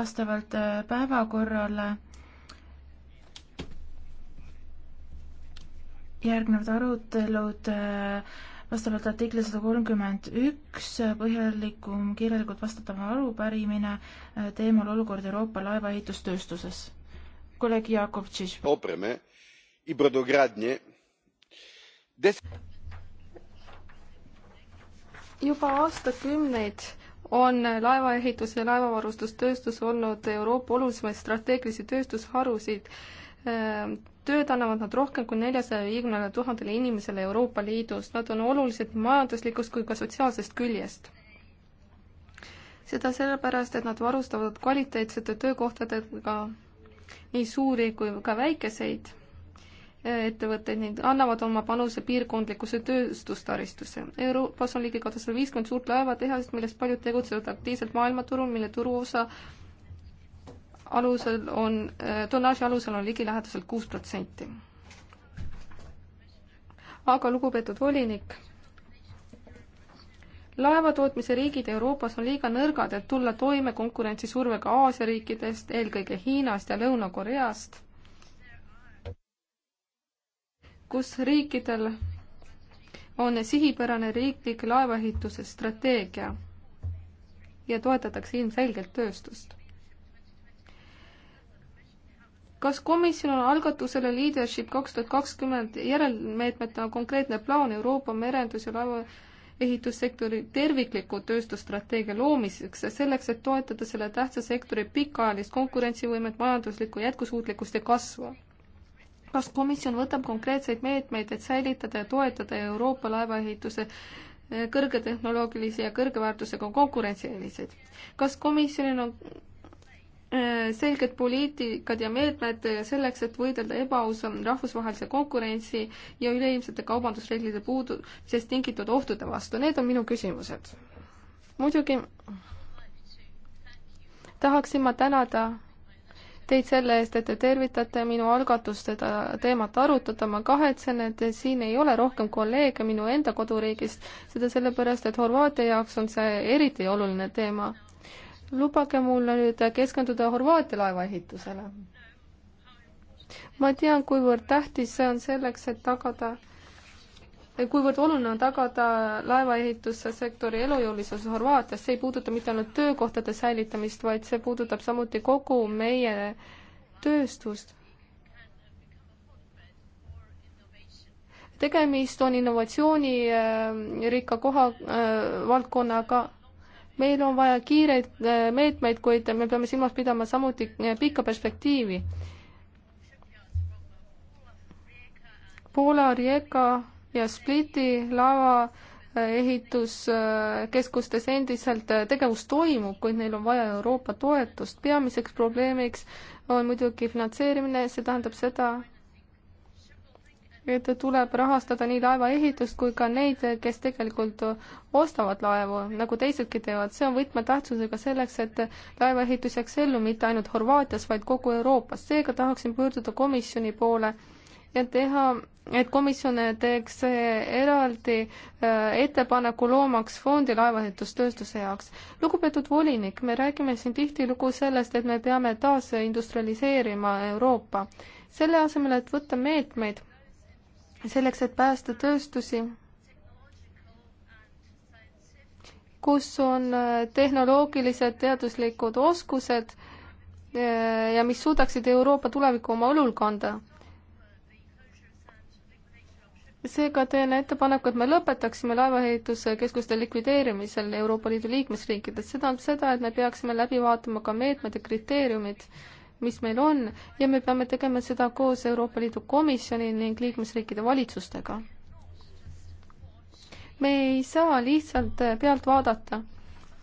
vastavalt äh, päevakorrale järgnevad arutelud äh, vastavalt artikli sada kolmkümmend üks, põhjalikum kirjalikult vastatav arupärimine äh, teemal olukord Euroopa laevaehitustööstuses. kolleeg Jakov Tšiš. juba aastakümneid on laevaehitus ja laevavarustustööstus olnud Euroopa olulisemaid strateegilisi tööstusharusid. Ehm, tööd annavad nad rohkem kui neljasaja viiekümnele tuhandele inimesele Euroopa Liidus, nad on olulised nii majanduslikust kui ka sotsiaalsest küljest. seda sellepärast, et nad varustavad kvaliteetsete töökohtadega nii suuri kui ka väikeseid ettevõtteid ning annavad oma panuse piirkondlikusse tööstustaristusse. Euroopas on ligikaudu sada viiskümmend suurt laevatehast, millest paljud tegutsevad aktiivselt maailmaturul, mille turuosa alusel on, tonnaaži alusel on ligilähedaselt kuus protsenti. aga lugupeetud volinik, laevatootmise riigid Euroopas on liiga nõrgad, et tulla toime konkurentsisurvega Aasia riikidest, eelkõige Hiinast ja Lõuna-Koreast kus riikidel on sihipärane riiklik laevaehituse strateegia ja toetatakse ilmselgelt tööstust. kas komisjon on algatusele Leadership kaks tuhat kakskümmend järelmeetmetena konkreetne plaan Euroopa merendus- ja laevaehitussektori tervikliku tööstusstrateegia loomiseks, selleks et toetada selle tähtsa sektori pikaajalist konkurentsivõimet, majanduslikku jätkusuutlikkust ja kasvu? kas komisjon võtab konkreetseid meetmeid, et säilitada ja toetada Euroopa laevaehituse eh, kõrgetehnoloogilisi ja kõrge väärtusega konkurentsieeliseid? kas komisjonil on eh, selged poliitikad ja meetmed selleks, et võidelda ebaausa rahvusvahelise konkurentsi ja üleilmsete kaubandusreeglide puudusest tingitud ohtude vastu, need on minu küsimused. muidugi tahaksin ma tänada teid selle eest, et te tervitate minu algatust seda teemat arutada. ma kahetsen, et siin ei ole rohkem kolleege minu enda koduriigist, seda sellepärast, et Horvaatia jaoks on see eriti oluline teema. lubage mul nüüd keskenduda Horvaatia laeva ehitusele. ma tean, kuivõrd tähtis see on selleks, et tagada kuivõrd oluline on tagada laevaehitussektori elujõulisus Horvaatias, see ei puuduta mitte ainult töökohtade säilitamist, vaid see puudutab samuti kogu meie tööstust. tegemist on innovatsioonirikka äh, koha äh,, valdkonnaga meil on vaja kiireid äh, meetmeid, kuid me peame silmas pidama samuti äh, pikka perspektiivi. Poola, Rijeka ja Spliti lava äh, ehituskeskustes äh, endiselt äh, tegevus toimub, kuid neil on vaja Euroopa toetust. peamiseks probleemiks on muidugi finantseerimine, see tähendab seda, et tuleb rahastada nii laeva ehitust kui ka neid, kes tegelikult ostavad laevu, nagu teisedki teevad. see on võtmetähtsusega selleks, et laevaehitus jääks ellu mitte ainult Horvaatias, vaid kogu Euroopas. seega tahaksin pöörduda komisjoni poole teha, et komisjon teeks eraldi äh, ettepaneku loomaks fondi laevaehitustööstuse jaoks. lugupeetud volinik, me räägime siin tihtilugu sellest, et me peame taas industrialiseerima Euroopa. selle asemel, et võtta meetmeid selleks, et päästa tööstusi, kus on äh, tehnoloogilised teaduslikud oskused äh, ja mis suudaksid Euroopa tulevikku oma õlul kanda seega teen ettepaneku, et me lõpetaksime laevaehituskeskuste likvideerimisel Euroopa Liidu liikmesriikides, see tähendab seda, et me peaksime läbi vaatama ka meetmed ja kriteeriumid, mis meil on ja me peame tegema seda koos Euroopa Liidu Komisjoni ning liikmesriikide valitsustega. me ei saa lihtsalt pealt vaadata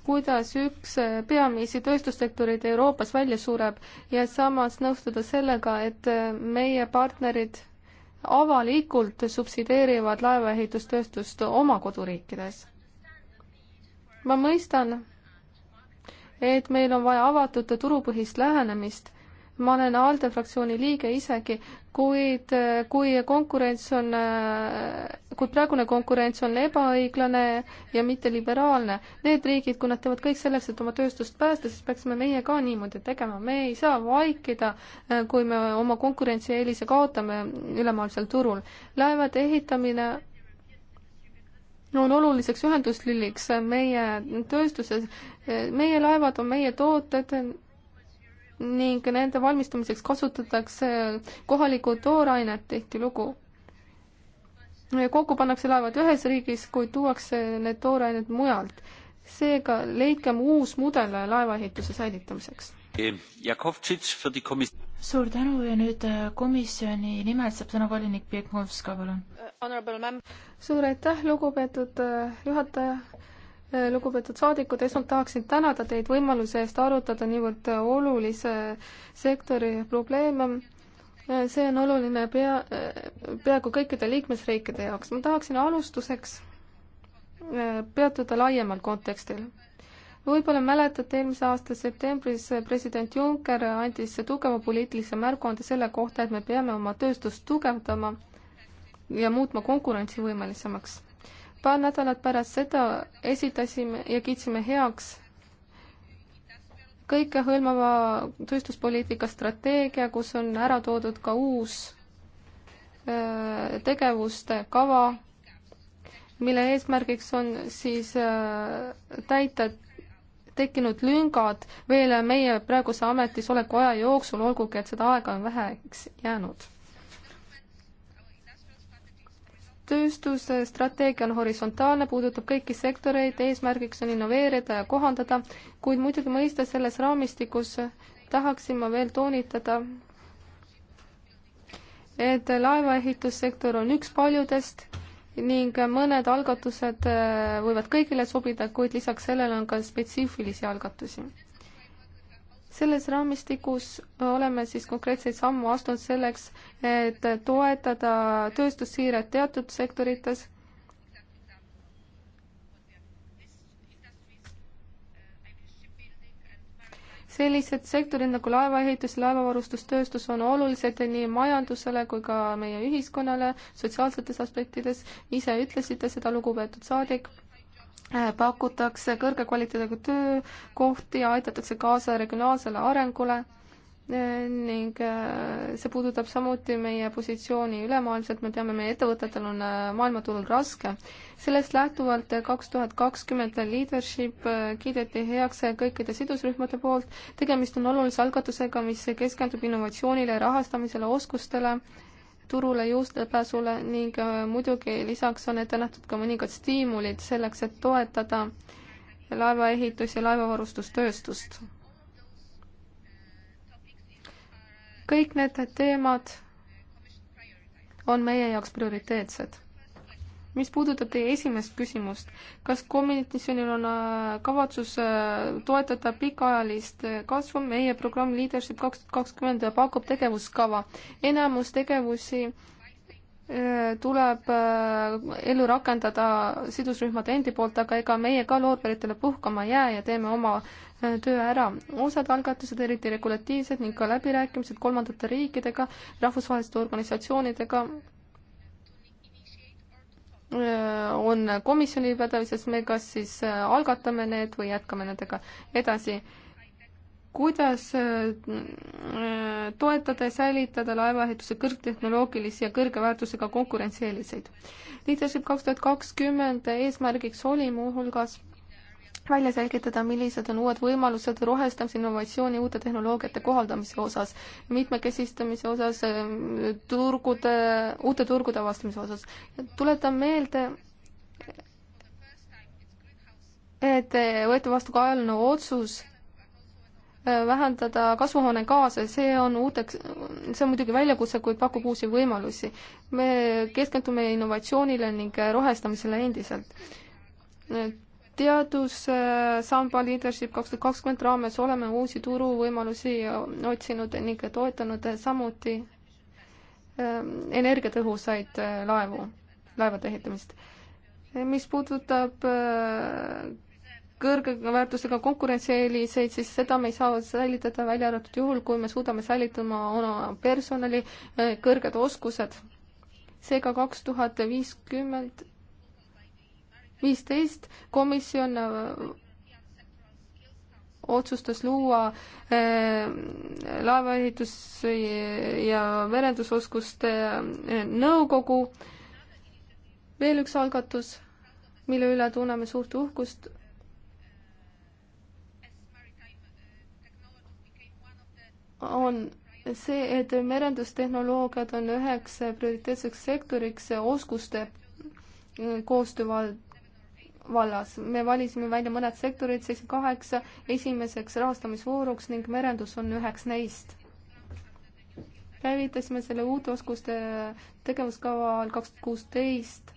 kuidas üks peamisi tööstussektoreid Euroopas välja sureb ja samas nõustuda sellega, et meie partnerid avalikult subsideerivad laevaehitustööstust oma koduriikides. ma mõistan, et meil on vaja avatud turupõhist lähenemist ma olen ALDE fraktsiooni liige isegi, kuid äh, kui konkurents on, äh, kui praegune konkurents on ebaõiglane ja mitteliberaalne, need riigid, kui nad teevad kõik selleks, et oma tööstust päästa, siis peaksime meie ka niimoodi tegema, me ei saa vaikida, äh, kui me oma konkurentsieelise kaotame ülemaailmsel turul. laevade ehitamine on oluliseks ühenduslüliks meie tööstuses, meie laevad on meie tooted ning nende valmistamiseks kasutatakse kohalikku toorainet tihtilugu. kokku pannakse laevad ühes riigis, kuid tuuakse need toorained mujalt. seega leidkem uus mudel laevaehituse säilitamiseks. suur tänu ja nüüd äh, komisjoni nimel saab sõna volinik Pjekovska, palun. Äh, suur aitäh, lugupeetud äh, juhataja Äh, lugupeetud saadikud, esmalt tahaksin tänada teid võimaluse eest arutada niivõrd äh, olulise äh, sektori probleeme. see on oluline pea, peaaegu kõikide liikmesriikide jaoks. ma tahaksin alustuseks peatuda laiemal kontekstil võib-olla mäletate, eelmise aasta septembris president Juncker andis tugeva poliitilise märguande selle kohta, et me peame oma tööstust tugevdama ja muutma konkurentsivõimelisemaks paar nädalat pärast seda esitasime ja kiitsime heaks kõikehõlmava tööstuspoliitika strateegia, kus on ära toodud ka uus äh, tegevuste kava, mille eesmärgiks on siis äh, täita tekkinud lüngad veel meie praeguse ametisoleku aja jooksul, olgugi et seda aega on väheks jäänud tööstusstrateegia on horisontaalne, puudutab kõiki sektoreid, eesmärgiks on innoveerida ja kohandada, kuid muidugi mõista selles raamistikus tahaksin ma veel toonitada, et laevaehitussektor on üks paljudest ning mõned algatused äh, võivad kõigile sobida, kuid lisaks sellele on ka spetsiifilisi algatusi selles raamistikus oleme siis konkreetseid samme astunud selleks, et toetada tööstussiiret teatud sektorites. sellised sektorid nagu laevaehitus, laevavarustustööstus on olulised nii majandusele kui ka meie ühiskonnale sotsiaalsetes aspektides. ise ütlesite seda, lugupeetud saadik Äh, pakutakse kõrge kvaliteediga töökohti ja aidatakse kaasa regionaalsele arengule äh, ning äh, see puudutab samuti meie positsiooni ülemaailmselt, me teame, meie ettevõtetel on maailmaturul raske. sellest lähtuvalt kaks tuhat kakskümmend leadership kiideti heaks kõikide sidusrühmade poolt, tegemist on olulise algatusega, mis keskendub innovatsioonile, rahastamisele, oskustele turule juurdepääsule ning äh, muidugi lisaks on ette nähtud ka mõningad stiimulid selleks, et toetada laevaehitus- ja laevavarustustööstust. kõik need teemad on meie jaoks prioriteetsed mis puudutab teie esimest küsimust, kas komisjonil on äh, kavatsus äh, toetada pikaajalist äh, kasvu, meie programm Leadership kaks tuhat kakskümmend pakub tegevuskava. enamus tegevusi tuleb ellu rakendada sidusrühmade endi poolt, aga ega meie ka loorberitele puhkama ei jää ja teeme oma töö ära. osad algatused, eriti regulatiivsed ning ka läbirääkimised kolmandate riikidega, rahvusvaheliste organisatsioonidega, Äh, on komisjoni pädevuses, me kas siis äh, algatame need või jätkame nendega edasi. kuidas äh, toetada ja säilitada laevaehituse kõrgtehnoloogilisi ja kõrge väärtusega konkurentsieeliseid? Leadership kaks tuhat kakskümmend eesmärgiks oli muuhulgas välja selgitada, millised on uued võimalused rohestamise, innovatsiooni, uute tehnoloogiate kohaldamise osas, mitmekesistamise osas, turgude, uute turgude avastamise osas. tuletan meelde, et võeti vastu ka ajaline otsus äh, vähendada kasvuhoonegaase, see on uuteks, see on muidugi väljakutse, kuid pakub uusi võimalusi. me keskendume innovatsioonile ning rohestamisele endiselt teadussamba äh, Leadership kaks tuhat kakskümmend raames oleme uusi turuvõimalusi äh, otsinud ning toetanud äh, samuti ähm, energiatõhusaid laevu, laevade ehitamist. mis puudutab kõrge väärtusega konkurentsieeliseid, siis seda me ei saa säilitada, välja arvatud juhul, kui me suudame säilitama oma personali kõrged oskused. seega kaks tuhat viiskümmend viisteist komisjon äh, otsustas luua äh, laevaehitus- ja merendusoskuste äh, nõukogu. veel üks algatus, mille üle tunneme suurt uhkust. on see, et merendustehnoloogiad on üheks prioriteetseks sektoriks oskuste koostöö vald-, vallas. me valisime välja mõned sektorid, siis kaheksa esimeseks rahastamisvooruks ning merendus on üheks neist. käivitasime selle uute oskuste tegevuskaval kaks tuhat kuusteist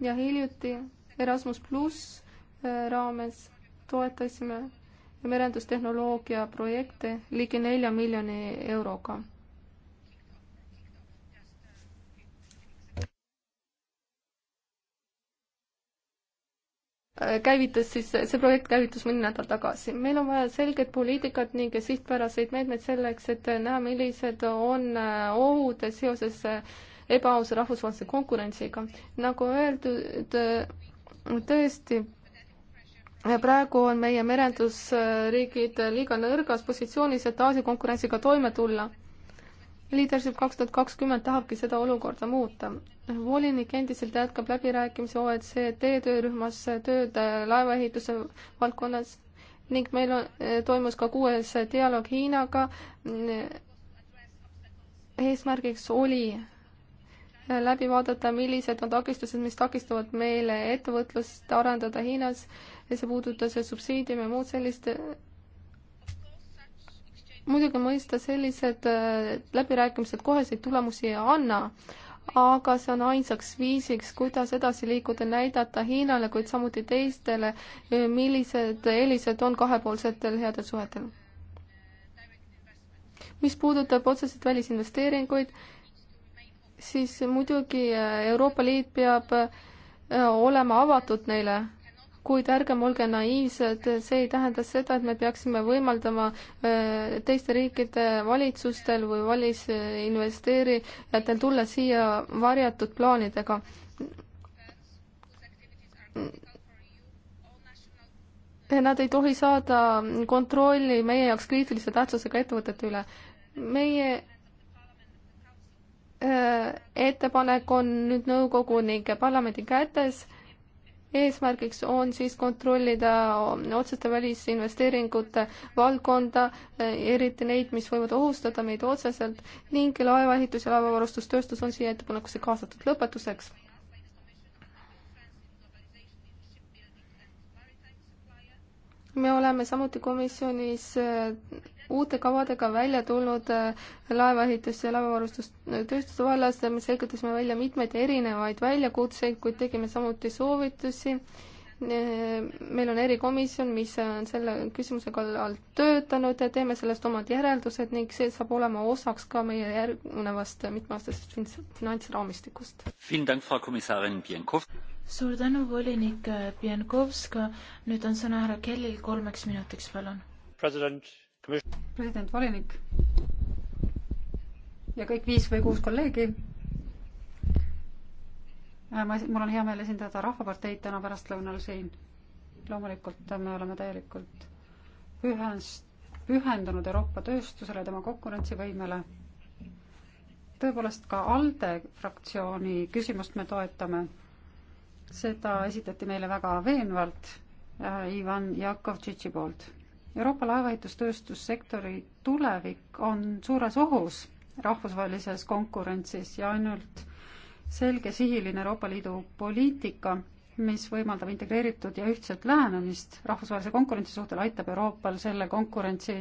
ja hiljuti Erasmus pluss äh, raames toetasime merendustehnoloogia projekte ligi nelja miljoni euroga. käivitas siis, see projekt käivitus mõni nädal tagasi. meil on vaja selget poliitikat ning sihtpäraseid meetmeid selleks, et näha, millised on äh, ohud seoses äh, ebaausa rahvusvahelise konkurentsiga. nagu öeldud, äh, tõesti, praegu on meie merendusriigid liiga nõrgas positsioonis, et Aasia konkurentsiga toime tulla Leadership kaks tuhat kakskümmend tahabki seda olukorda muuta. volinik endiselt jätkab läbirääkimisi OECD töörühmas tööd äh, laevaehituse valdkonnas ning meil on, äh, toimus ka kuues dialoog Hiinaga. eesmärgiks oli äh, läbi vaadata, millised on takistused, mis takistavad meile ettevõtlust arendada Hiinas ja see puudutas subsiidiume ja muud sellist muidugi mõista, sellised äh, läbirääkimised koheseid tulemusi ei anna, aga see on ainsaks viisiks, kuidas edasi liikuda, näidata Hiinale, kuid samuti teistele, äh, millised eelised on kahepoolsetel headel suhetel. mis puudutab otseselt välisinvesteeringuid, siis muidugi äh, Euroopa Liit peab olema avatud neile kuid ärgem olge naiivsed, see ei tähenda seda, et me peaksime võimaldama äh, teiste riikide valitsustel või välisinvesteerijatel tulla siia varjatud plaanidega. Nad ei tohi saada kontrolli meie jaoks kriitilise tähtsusega ettevõtete üle. meie äh, ettepanek on nüüd nõukogu ning parlamendi kätes eesmärgiks on siis kontrollida otseste välisinvesteeringute valdkonda, eriti neid, mis võivad ohustada meid otseselt ning laevaehitus ja laevavarustustööstus on siia ettepanekusse kaasatud. lõpetuseks me oleme samuti komisjonis äh, uute kavadega välja tulnud äh, laevaehitus ja laevavarustustööstuse vallas, me selgitasime välja mitmeid erinevaid väljakutseid, kuid tegime samuti soovitusi. Äh, meil on erikomisjon, mis on selle küsimuse kallal töötanud ja teeme sellest omad järeldused ning see saab olema osaks ka meie järgnevast mitmeaastasest finantsraamistikust suur tänu, volinik Pienkovska. nüüd on sõna härra Kellil kolmeks minutiks, palun. president, president, volinik ja kõik viis või kuus kolleegi. Äh, ma, mul on hea meel esindada Rahvaparteid täna pärastlõunal siin. loomulikult me oleme täielikult pühens-, pühendunud Euroopa tööstusele ja tema konkurentsivõimele. tõepoolest ka ALDE fraktsiooni küsimust me toetame seda esitati meile väga veenvalt äh, Ivan Jakovtšitši poolt. Euroopa laevaehitustööstussektori tulevik on suures ohus rahvusvahelises konkurentsis ja ainult selge sihiline Euroopa Liidu poliitika, mis võimaldab integreeritud ja ühtset lähenemist rahvusvahelise konkurentsi suhtel, aitab Euroopal selle konkurentsi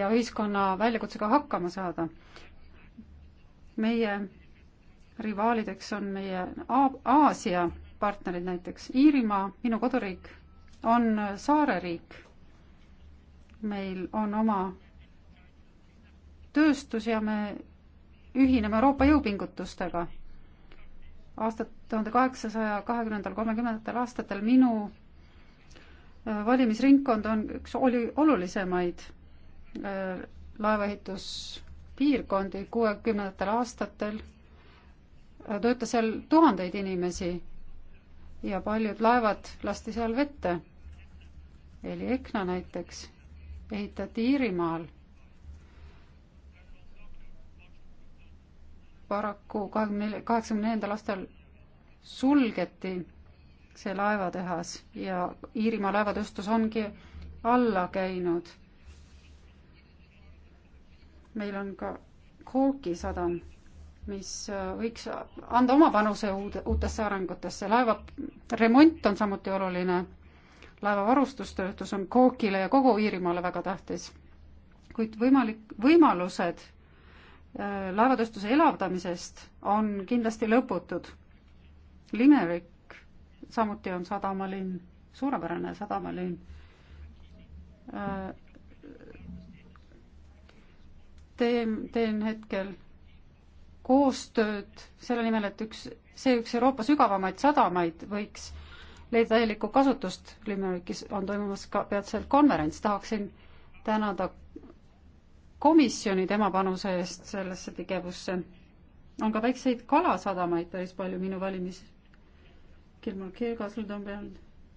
ja ühiskonna väljakutsega hakkama saada. meie rivaalideks on meie Aasia partnerid näiteks. Iirimaa, minu koduriik, on saareriik. meil on oma tööstus ja me ühineme Euroopa jõupingutustega. aastat tuhande kaheksasaja kahekümnendal, kolmekümnendatel aastatel minu äh, valimisringkond on üks oli olulisemaid äh, laevaehituspiirkondi kuuekümnendatel aastatel töötas seal tuhandeid inimesi ja paljud laevad lasti seal vette. Eli Ekna näiteks ehitati Iirimaal. paraku kahekümne, kaheksakümne neljandal aastal sulgeti see laevatehas ja Iirimaa laevatööstus ongi alla käinud. meil on ka Corki sadam mis äh, võiks anda oma panuse uude, uutesse arengutesse. laeva remont on samuti oluline, laeva varustustöötlus on Kookile ja kogu Iirimaale väga tähtis. kuid võimalik, võimalused äh, laevatööstuse elavdamisest on kindlasti lõputud. Limerick samuti on sadamalinn, suurepärane sadamalinn äh, teen, teen hetkel koostööd selle nimel, et üks, see üks Euroopa sügavamaid sadamaid võiks leida täielikku kasutust. Lübeckis on toimumas ka peatselt konverents, tahaksin tänada komisjoni tema panuse eest sellesse tegevusse. on ka väikseid kalasadamaid päris palju minu valimis.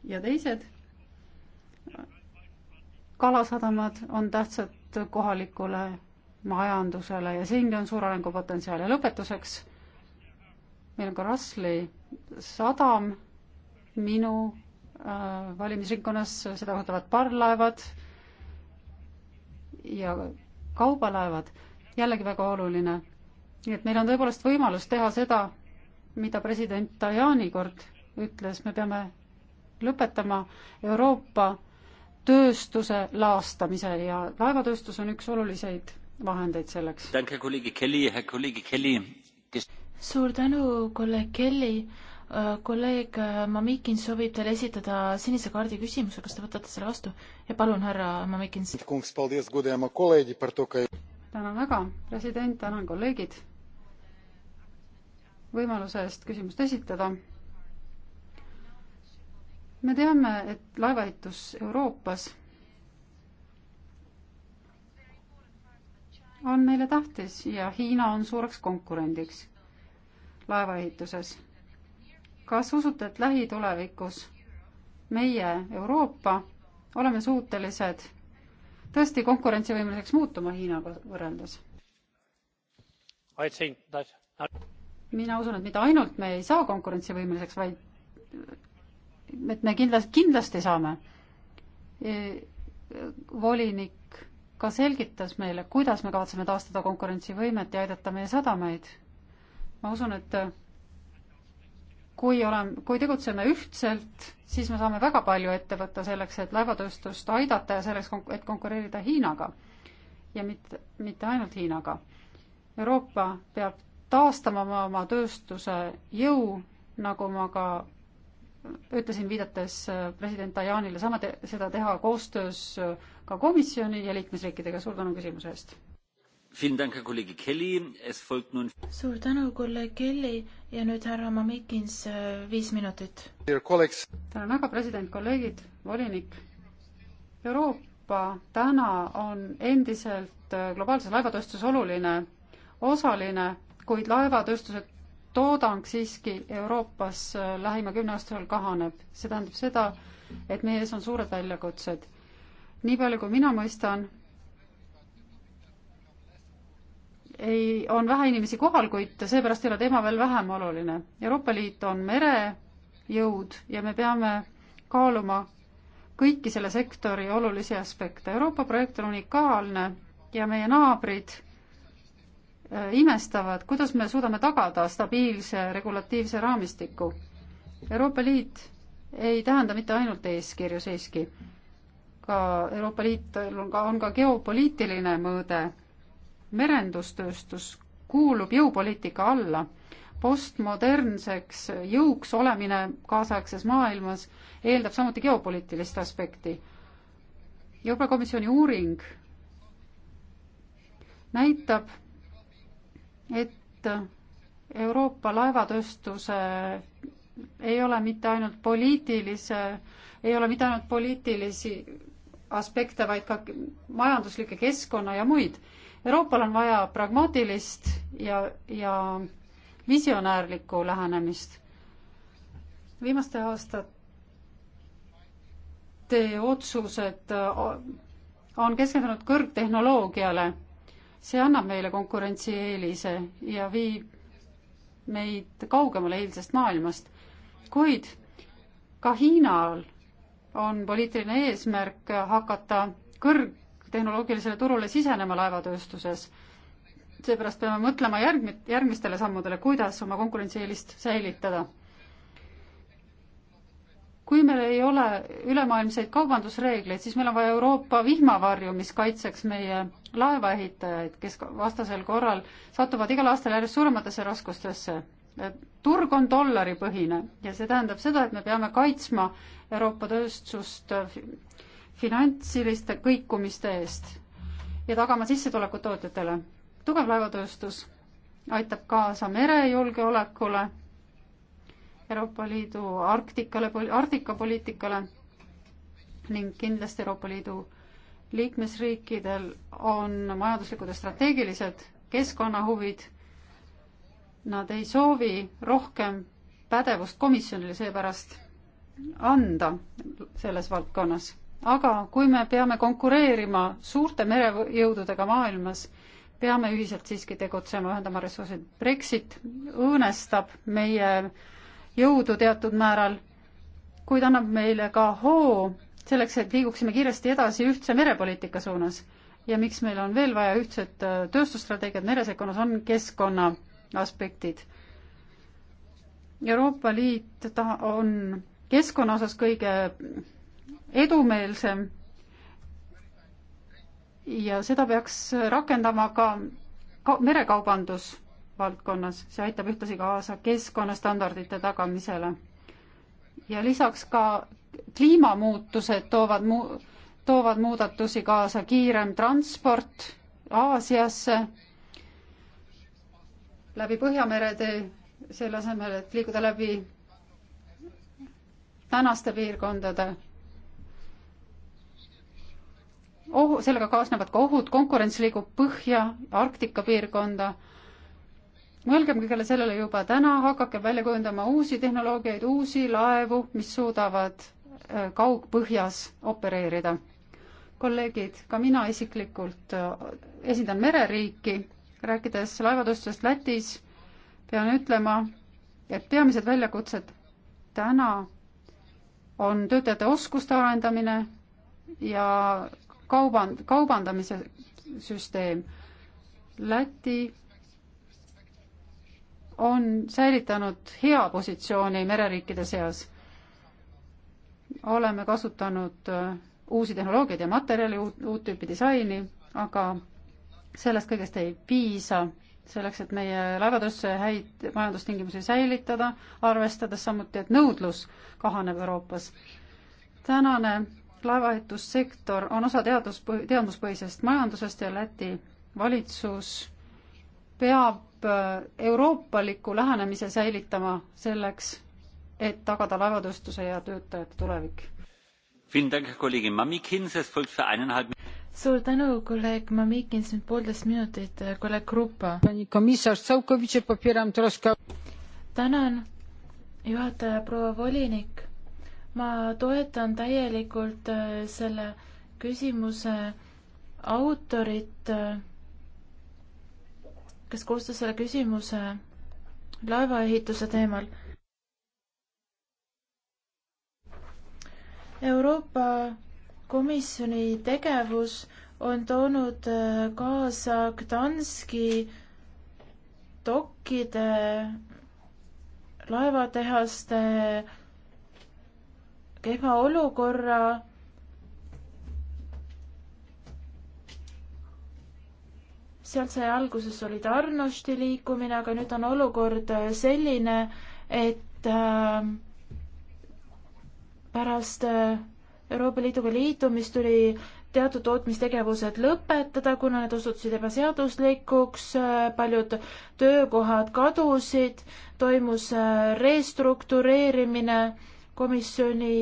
ja teised. kalasadamad on tähtsad kohalikule majandusele ja siin on suur arengupotentsiaal ja lõpetuseks meil on ka Rasli sadam minu äh, valimisringkonnas, seda kasutavad parvlaevad ja kaubalaevad, jällegi väga oluline. nii et meil on tõepoolest võimalus teha seda, mida president Tajani kord ütles, me peame lõpetama Euroopa tööstuse laastamise ja laevatööstus on üks oluliseid vahendeid selleks. Kes... suur tänu, kolleeg Kelly. Äh, kolleeg äh, Mamikin soovib teile esitada sinise kaardi küsimuse, kas te võtate selle vastu? ja palun, härra Mamikin. tänan väga, president, tänan kolleegid võimaluse eest küsimust esitada. me teame, et laevaehitus Euroopas on meile tähtis ja Hiina on suureks konkurendiks laevaehituses. kas usute, et lähitulevikus meie, Euroopa, oleme suutelised tõesti konkurentsivõimeliseks muutuma Hiinaga võrreldes? mina usun, et mitte ainult me ei saa konkurentsivõimeliseks, vaid et me kindlasti, kindlasti saame. E, volinik ka selgitas meile, kuidas me kavatseme taastada konkurentsivõimet ja aidata meie sadamaid. ma usun, et kui oleme, kui tegutseme ühtselt, siis me saame väga palju ette võtta selleks, et laevatööstust aidata ja selleks, et konkureerida Hiinaga. ja mitte, mitte ainult Hiinaga. Euroopa peab taastama oma, oma tööstuse jõu, nagu ma ka ütlesin, viidates äh, president Tajanile, saame te seda teha koostöös äh, ka komisjoni ja liikmesriikidega. suur tänu küsimuse eest! suur tänu, kolleeg Kelly ja nüüd härra Mamikins, äh, viis minutit. tänan väga, president, kolleegid, volinik. Euroopa täna on endiselt globaalses laevatööstuses oluline osaline, kuid laevatööstuse toodang siiski Euroopas äh, lähima kümne aasta jooksul kahaneb. see tähendab seda, et meie ees on suured väljakutsed. nii palju, kui mina mõistan, ei, on vähe inimesi kohal, kuid seepärast ei ole teema veel vähem oluline. Euroopa Liit on merejõud ja me peame kaaluma kõiki selle sektori olulisi aspekte. Euroopa projekt on unikaalne ja meie naabrid Äh, imestavad, kuidas me suudame tagada stabiilse regulatiivse raamistiku. Euroopa Liit ei tähenda mitte ainult eeskirju siiski, ka Euroopa Liitul on ka, on ka geopoliitiline mõõde. merendustööstus kuulub jõupoliitika alla. postmodernseks jõuks olemine kaasaegses maailmas eeldab samuti geopoliitilist aspekti. Euroopa Komisjoni uuring näitab, et Euroopa laevatööstuse ei ole mitte ainult poliitilise, ei ole mitte ainult poliitilisi aspekte, vaid ka majanduslikke keskkonna ja muid. Euroopal on vaja pragmaatilist ja, ja visionäärlikku lähenemist. viimaste aastate otsused on keskendunud kõrgtehnoloogiale see annab meile konkurentsieelise ja viib meid kaugemale eilsest maailmast. kuid ka Hiinal on poliitiline eesmärk hakata kõrgtehnoloogilisele turule sisenema laevatööstuses. seepärast peame mõtlema järgmi-, järgmistele sammudele, kuidas oma konkurentsieelist säilitada kui meil ei ole ülemaailmseid kaubandusreegleid, siis meil on vaja Euroopa vihmavarju, mis kaitseks meie laevaehitajaid, kes vastasel korral satuvad igal aastal järjest suurematesse raskustesse. turg on dollaripõhine ja see tähendab seda, et me peame kaitsma Euroopa tööstust finantsiliste kõikumiste eest ja tagama sissetulekud tootjatele. tugev laevatööstus aitab kaasa merejulgeolekule Euroopa Liidu Arktikale, Arktika poliitikale ning kindlasti Euroopa Liidu liikmesriikidel on majanduslikud ja strateegilised keskkonnahuvid. Nad ei soovi rohkem pädevust komisjonile seepärast anda selles valdkonnas. aga kui me peame konkureerima suurte merejõududega maailmas, peame ühiselt siiski tegutsema, ühendama ressursid. Brexit õõnestab meie jõudu teatud määral, kuid annab meile ka hoo selleks, et liiguksime kiiresti edasi ühtse merepoliitika suunas. ja miks meil on veel vaja ühtset äh, tööstusstrateegiat meresekkonnas, on keskkonna aspektid. Euroopa Liit, ta on keskkonna osas kõige edumeelsem ja seda peaks rakendama ka merekaubandus valdkonnas, see aitab ühtlasi kaasa keskkonnastandardite tagamisele. ja lisaks ka kliimamuutused toovad mu-, toovad muudatusi kaasa, kiirem transport Aasiasse läbi Põhjamerede, selle asemel, et liikuda läbi tänaste piirkondade ohu, sellega kaasnevad ka ohud, konkurents liigub põhja, Arktika piirkonda mõelgem kõigele sellele juba täna, hakakem välja kujundama uusi tehnoloogiaid, uusi laevu, mis suudavad äh, kaugpõhjas opereerida. kolleegid, ka mina isiklikult äh, esindan mereriiki, rääkides laevatööstusest Lätis, pean ütlema, et peamised väljakutsed täna on töötajate oskuste arendamine ja kauban-, kaubandamise süsteem. Läti on säilitanud hea positsiooni mereriikide seas. oleme kasutanud äh, uusi tehnoloogiaid ja materjali, uut tüüpi disaini, aga sellest kõigest ei piisa, selleks, et meie laevatööstuse häid majandustingimusi säilitada, arvestades samuti, et nõudlus kahaneb Euroopas. tänane laevaehitussektor on osa teadus, teadmuspõhisest majandusest ja Läti valitsus peab äh, euroopaliku lähenemise säilitama selleks, et tagada laevatööstuse ja töötajate tulevik. suur tänu, kolleeg Mamikins, nüüd poolteist minutit, äh, kolleeg Rupa. tänan, juhataja proua volinik. ma toetan täielikult äh, selle küsimuse autorit kes koostas selle küsimuse laevaehituse teemal. Euroopa Komisjoni tegevus on toonud äh, kaasa Gdanski dokkide laevatehaste kehva olukorra sealt sai alguse Solidarnosti liikumine, aga nüüd on olukord äh, selline, et äh, pärast äh, Euroopa Liiduga liitumist tuli teatud tootmistegevused lõpetada, kuna need osutusid ebaseaduslikuks, paljud töökohad kadusid, toimus restruktureerimine komisjoni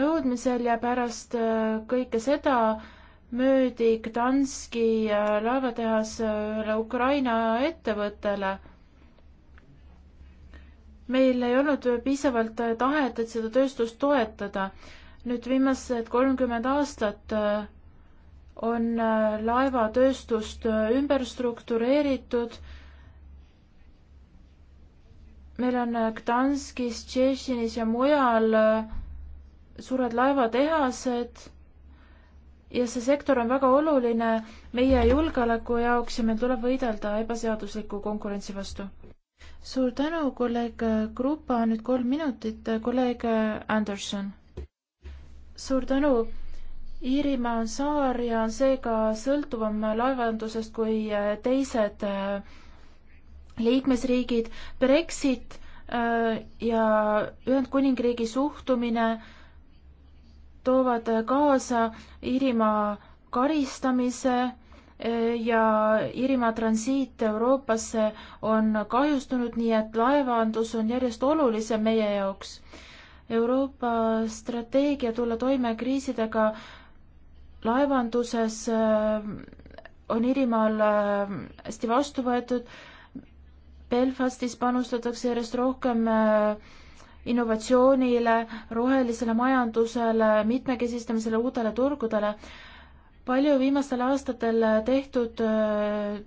nõudmisel ja pärast kõike seda müüdi Gdanski äh, laevatehas äh, ühele Ukraina ettevõttele. meil ei olnud piisavalt äh, tahet, et seda tööstust toetada. nüüd viimased kolmkümmend aastat on laevatööstust ümber struktureeritud. meil on Gdanskis, Tšehhinis ja mujal suured laevatehased ja see sektor on väga oluline meie julgeoleku jaoks ja meil tuleb võidelda ebaseadusliku konkurentsi vastu. suur tänu, kolleeg Grupa, nüüd kolm minutit, kolleeg Anderson. suur tänu. Iirimaa on saar ja on seega sõltuvam laevandusest kui teised äh, liikmesriigid. Brexit äh, ja Ühendkuningriigi suhtumine äh, toovad kaasa Iirimaa karistamise e, ja Iirimaa transiit Euroopasse on kahjustunud, nii et laevandus on järjest olulisem meie jaoks. Euroopa strateegia tulla toime kriisidega laevanduses e, on Iirimaal e, hästi vastu võetud. Belfastis panustatakse järjest rohkem äh, innovatsioonile, rohelisele majandusele, mitmekesistamisele, uutele turgudele. palju viimastel aastatel tehtud äh,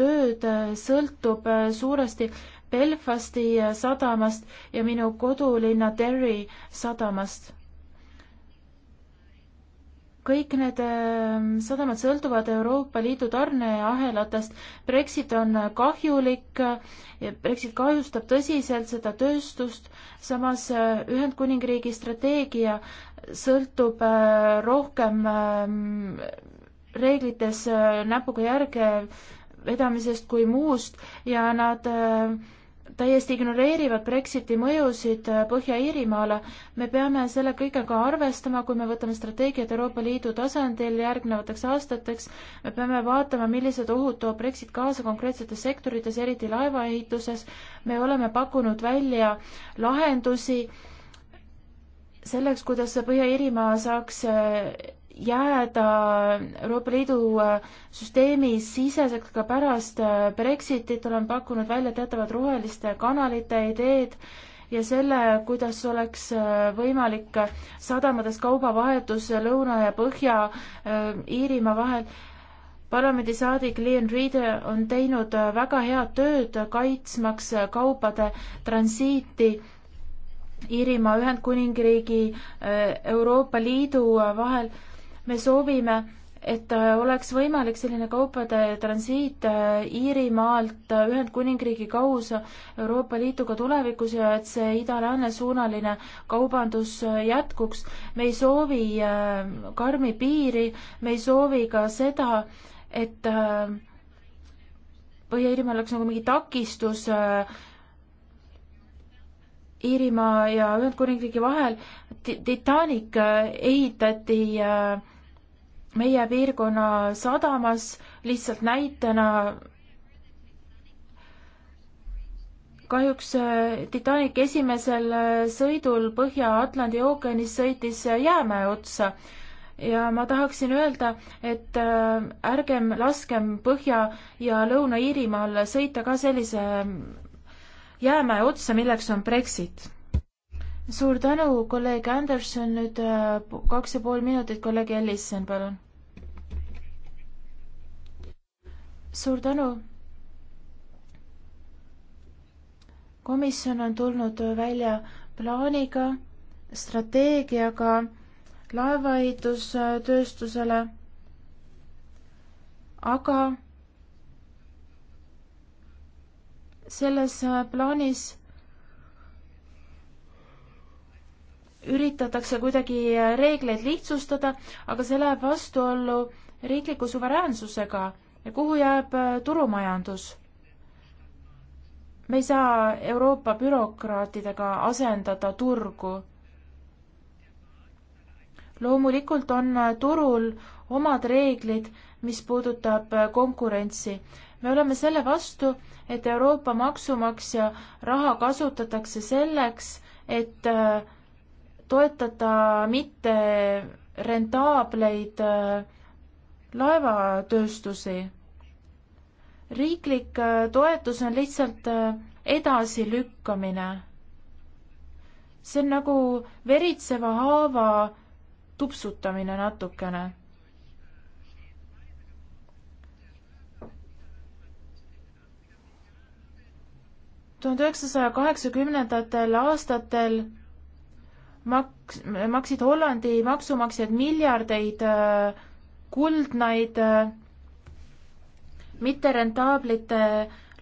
tööd äh, sõltub äh, suuresti Belfasti sadamast ja minu kodulinna Derry sadamast kõik need ähm, sadamad sõltuvad Euroopa Liidu tarneahelatest. Brexit on kahjulik, Brexit kahjustab tõsiselt seda tööstust, samas äh, Ühendkuningriigi strateegia sõltub äh, rohkem ähm, reeglites äh, näpuga järge vedamisest kui muust ja nad äh, täiesti ignoreerivad Brexiti mõjusid äh, Põhja-Iirimaale. me peame selle kõigega arvestama, kui me võtame strateegiat Euroopa Liidu tasandil järgnevateks aastateks. me peame vaatama, millised ohud toob Brexit kaasa konkreetsetes sektorites, eriti laevaehituses. me oleme pakkunud välja lahendusi selleks, kuidas Põhja-Iirimaa saaks äh, jääda Euroopa Liidu äh, süsteemi siseseks ka pärast äh, Brexitit, olen pakkunud välja teatavad roheliste kanalite ideed ja selle, kuidas oleks äh, võimalik sadamates kaubavahetus Lõuna ja Põhja-Iirimaa vahel. parlamendisaadik Leon Reed on teinud väga head tööd, kaitsmaks kaupade transiiti Iirimaa Ühendkuningriigi Euroopa Liidu vahel me soovime, et oleks võimalik selline kaupade transiit äh, Iirimaalt äh, Ühendkuningriigi kaudu Euroopa Liiduga tulevikus ja et see ida-lääne suunaline kaubandus äh, jätkuks. me ei soovi karmi piiri, me ei soovi ka seda, et Põhja-Iirimaal oleks nagu mingi takistus Iirimaa ja Ühendkuningriigi vahel. Titanic ehitati äh, meie piirkonna sadamas lihtsalt näitena kahjuks äh, Titanic esimesel äh, sõidul Põhja-Atlandi ookeanis sõitis äh, jäämäe otsa ja ma tahaksin öelda, et ärgem laskem Põhja- ja Lõuna-Iirimaal sõita ka sellise jäämäe otsa, milleks on Brexit. suur tänu, kolleeg Anderson, nüüd kaks ja pool minutit, kolleeg Ellison, palun. suur tänu. komisjon on tulnud välja plaaniga, strateegiaga laevaehitustööstusele, aga selles plaanis üritatakse kuidagi reegleid lihtsustada, aga see läheb vastuollu riikliku suveräänsusega ja kuhu jääb äh, turumajandus? me ei saa Euroopa bürokraatidega asendada turgu. loomulikult on äh, turul omad reeglid, mis puudutab äh, konkurentsi. me oleme selle vastu, et Euroopa maksumaksja raha kasutatakse selleks, et toetada mitte rentaableid äh, laevatööstusi. riiklik äh, toetus on lihtsalt äh, edasilükkamine. see on nagu veritseva haava tupsutamine natukene. tuhande üheksasaja kaheksakümnendatel aastatel maks-, maksid Hollandi maksumaksjad miljardeid äh, kuldnaid äh, mitterentaablite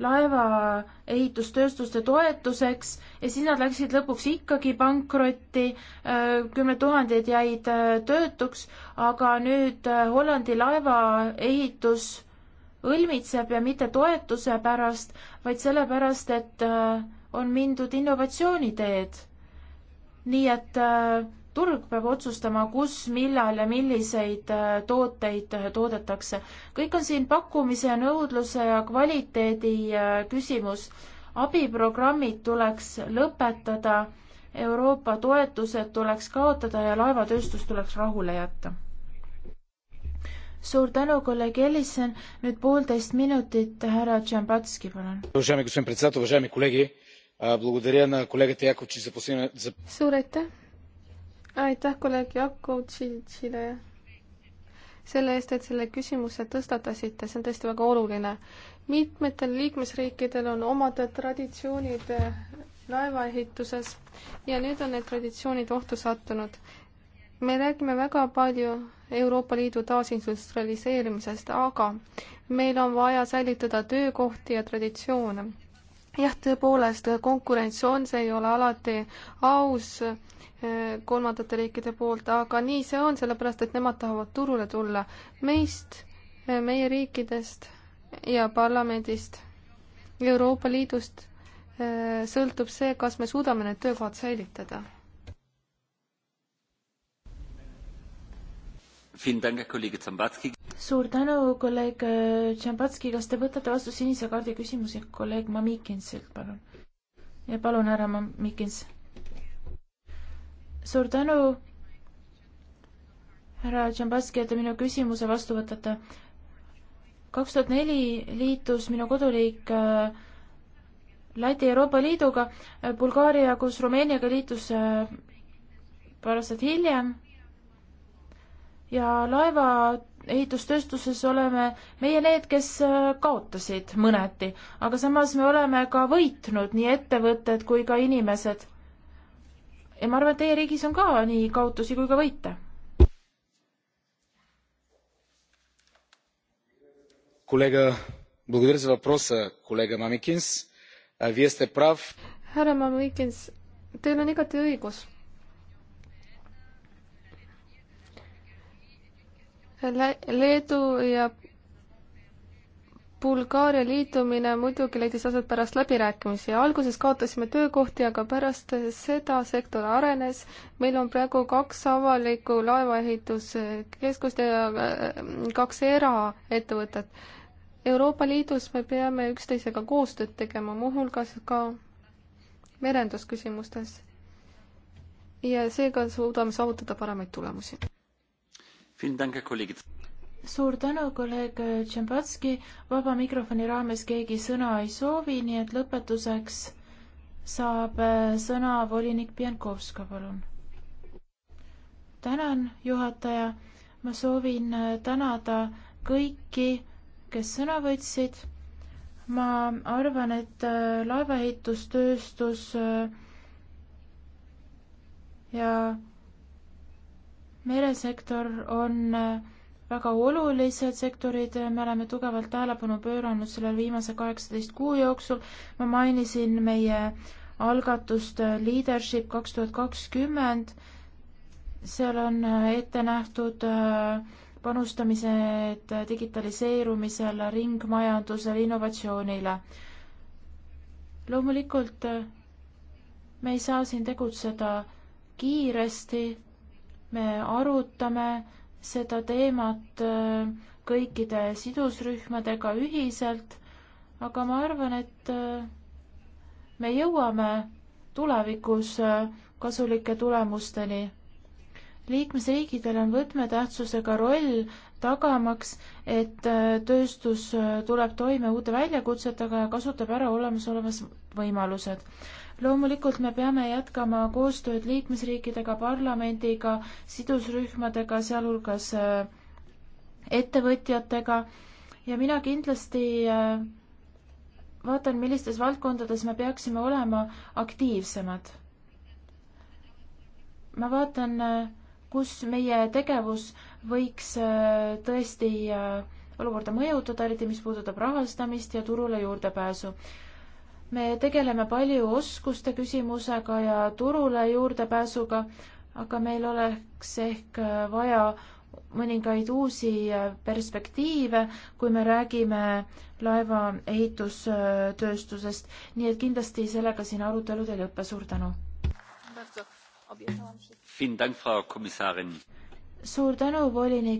laevaehitustööstuste toetuseks ja siis nad läksid lõpuks ikkagi pankrotti, äh, kümned tuhanded jäid äh, töötuks, aga nüüd Hollandi laevaehitus õlmitseb ja mitte toetuse pärast, vaid sellepärast, et on mindud innovatsiooniteed. nii et äh, turg peab otsustama, kus, millal ja milliseid äh, tooteid äh, toodetakse. kõik on siin pakkumise, nõudluse ja kvaliteedi äh, küsimus. abiprogrammid tuleks lõpetada, Euroopa toetused tuleks kaotada ja laevatööstus tuleks rahule jätta. suur tänu, kolleeg Ellison, nüüd poolteist minutit, härra Tšambatski, palun. suur aitäh! aitäh kolleeg Jakko Tšiltšile selle eest, et selle küsimuse tõstatasite, see on tõesti väga oluline. mitmetel liikmesriikidel on omad traditsioonid laevaehituses ja nüüd on need traditsioonid ohtu sattunud. me räägime väga palju Euroopa Liidu taasindustrialiseerimisest, aga meil on vaja säilitada töökohti ja traditsioone jah, tõepoolest, konkurents on, see ei ole alati aus eh, kolmandate riikide poolt, aga nii see on, sellepärast et nemad tahavad turule tulla meist, eh, meie riikidest ja parlamendist, Euroopa Liidust eh, sõltub see, kas me suudame need töökohad säilitada suur tänu, kolleeg Tšambatski, äh, kas te võtate vastu sinise kaardi küsimusi kolleeg Mamikinsilt, palun? ja palun, härra Mamikins. suur tänu, härra Tšambatski, et te minu küsimuse vastu võtate. kaks tuhat neli liitus minu koduliik äh, Läti Euroopa Liiduga, Bulgaaria koos Rumeeniaga liitus äh, parasjagu hiljem ja laevaehitustööstuses oleme meie need, kes äh, kaotasid mõneti, aga samas me oleme ka võitnud nii ettevõtted kui ka inimesed. ja ma arvan, et teie riigis on ka nii kaotusi kui ka võite. kolleeg, благодаря за вопроса, kolleeg Mamikins. Вие сте прав. härra Mamikins, teil on igati õigus Leedu ja Bulgaaria liitumine muidugi leidis aset pärast läbirääkimisi. alguses kaotasime töökohti, aga pärast seda sektor arenes. meil on praegu kaks avalikku laevaehituskeskust ja äh, kaks eraettevõtet. Euroopa Liidus me peame üksteisega koostööd tegema, muuhulgas ka merendusküsimustes. ja seega suudame saavutada paremaid tulemusi suur tänu, kolleeg Tšambatski. vaba mikrofoni raames keegi sõna ei soovi, nii et lõpetuseks saab äh, sõna volinik Pienkovska, palun. tänan, juhataja. ma soovin äh, tänada kõiki, kes sõna võtsid. ma arvan, et äh, laevaehitustööstus ja meresektor on äh, väga olulised sektorid, me oleme tugevalt tähelepanu pööranud sellele viimase kaheksateist kuu jooksul, ma mainisin meie algatust äh, Leadership kaks tuhat kakskümmend, seal on äh, ette nähtud panustamised digitaliseerumisele, ringmajandusele, innovatsioonile. loomulikult me ei saa siin tegutseda kiiresti me arutame seda teemat äh, kõikide sidusrühmadega ühiselt, aga ma arvan, et äh, me jõuame tulevikus äh, kasulike tulemusteni liikmesriikidel on võtmetähtsusega roll tagamaks, et äh, tööstus äh, tuleb toime uute väljakutsetega ja kasutab ära olemasolevas võimalused. loomulikult me peame jätkama koostööd liikmesriikidega, parlamendiga, sidusrühmadega, sealhulgas äh, ettevõtjatega ja mina kindlasti vaatan, millistes valdkondades me peaksime olema aktiivsemad. ma vaatan äh, kus meie tegevus võiks äh, tõesti äh, olukorda mõjutada, eriti mis puudutab rahastamist ja turule juurdepääsu. me tegeleme palju oskuste küsimusega ja turule juurdepääsuga, aga meil oleks ehk äh, vaja mõningaid uusi perspektiive, kui me räägime laevaehitustööstusest, nii et kindlasti sellega siin arutelud ei lõppe, suur tänu! obiecałam się. suur tänu, volinik.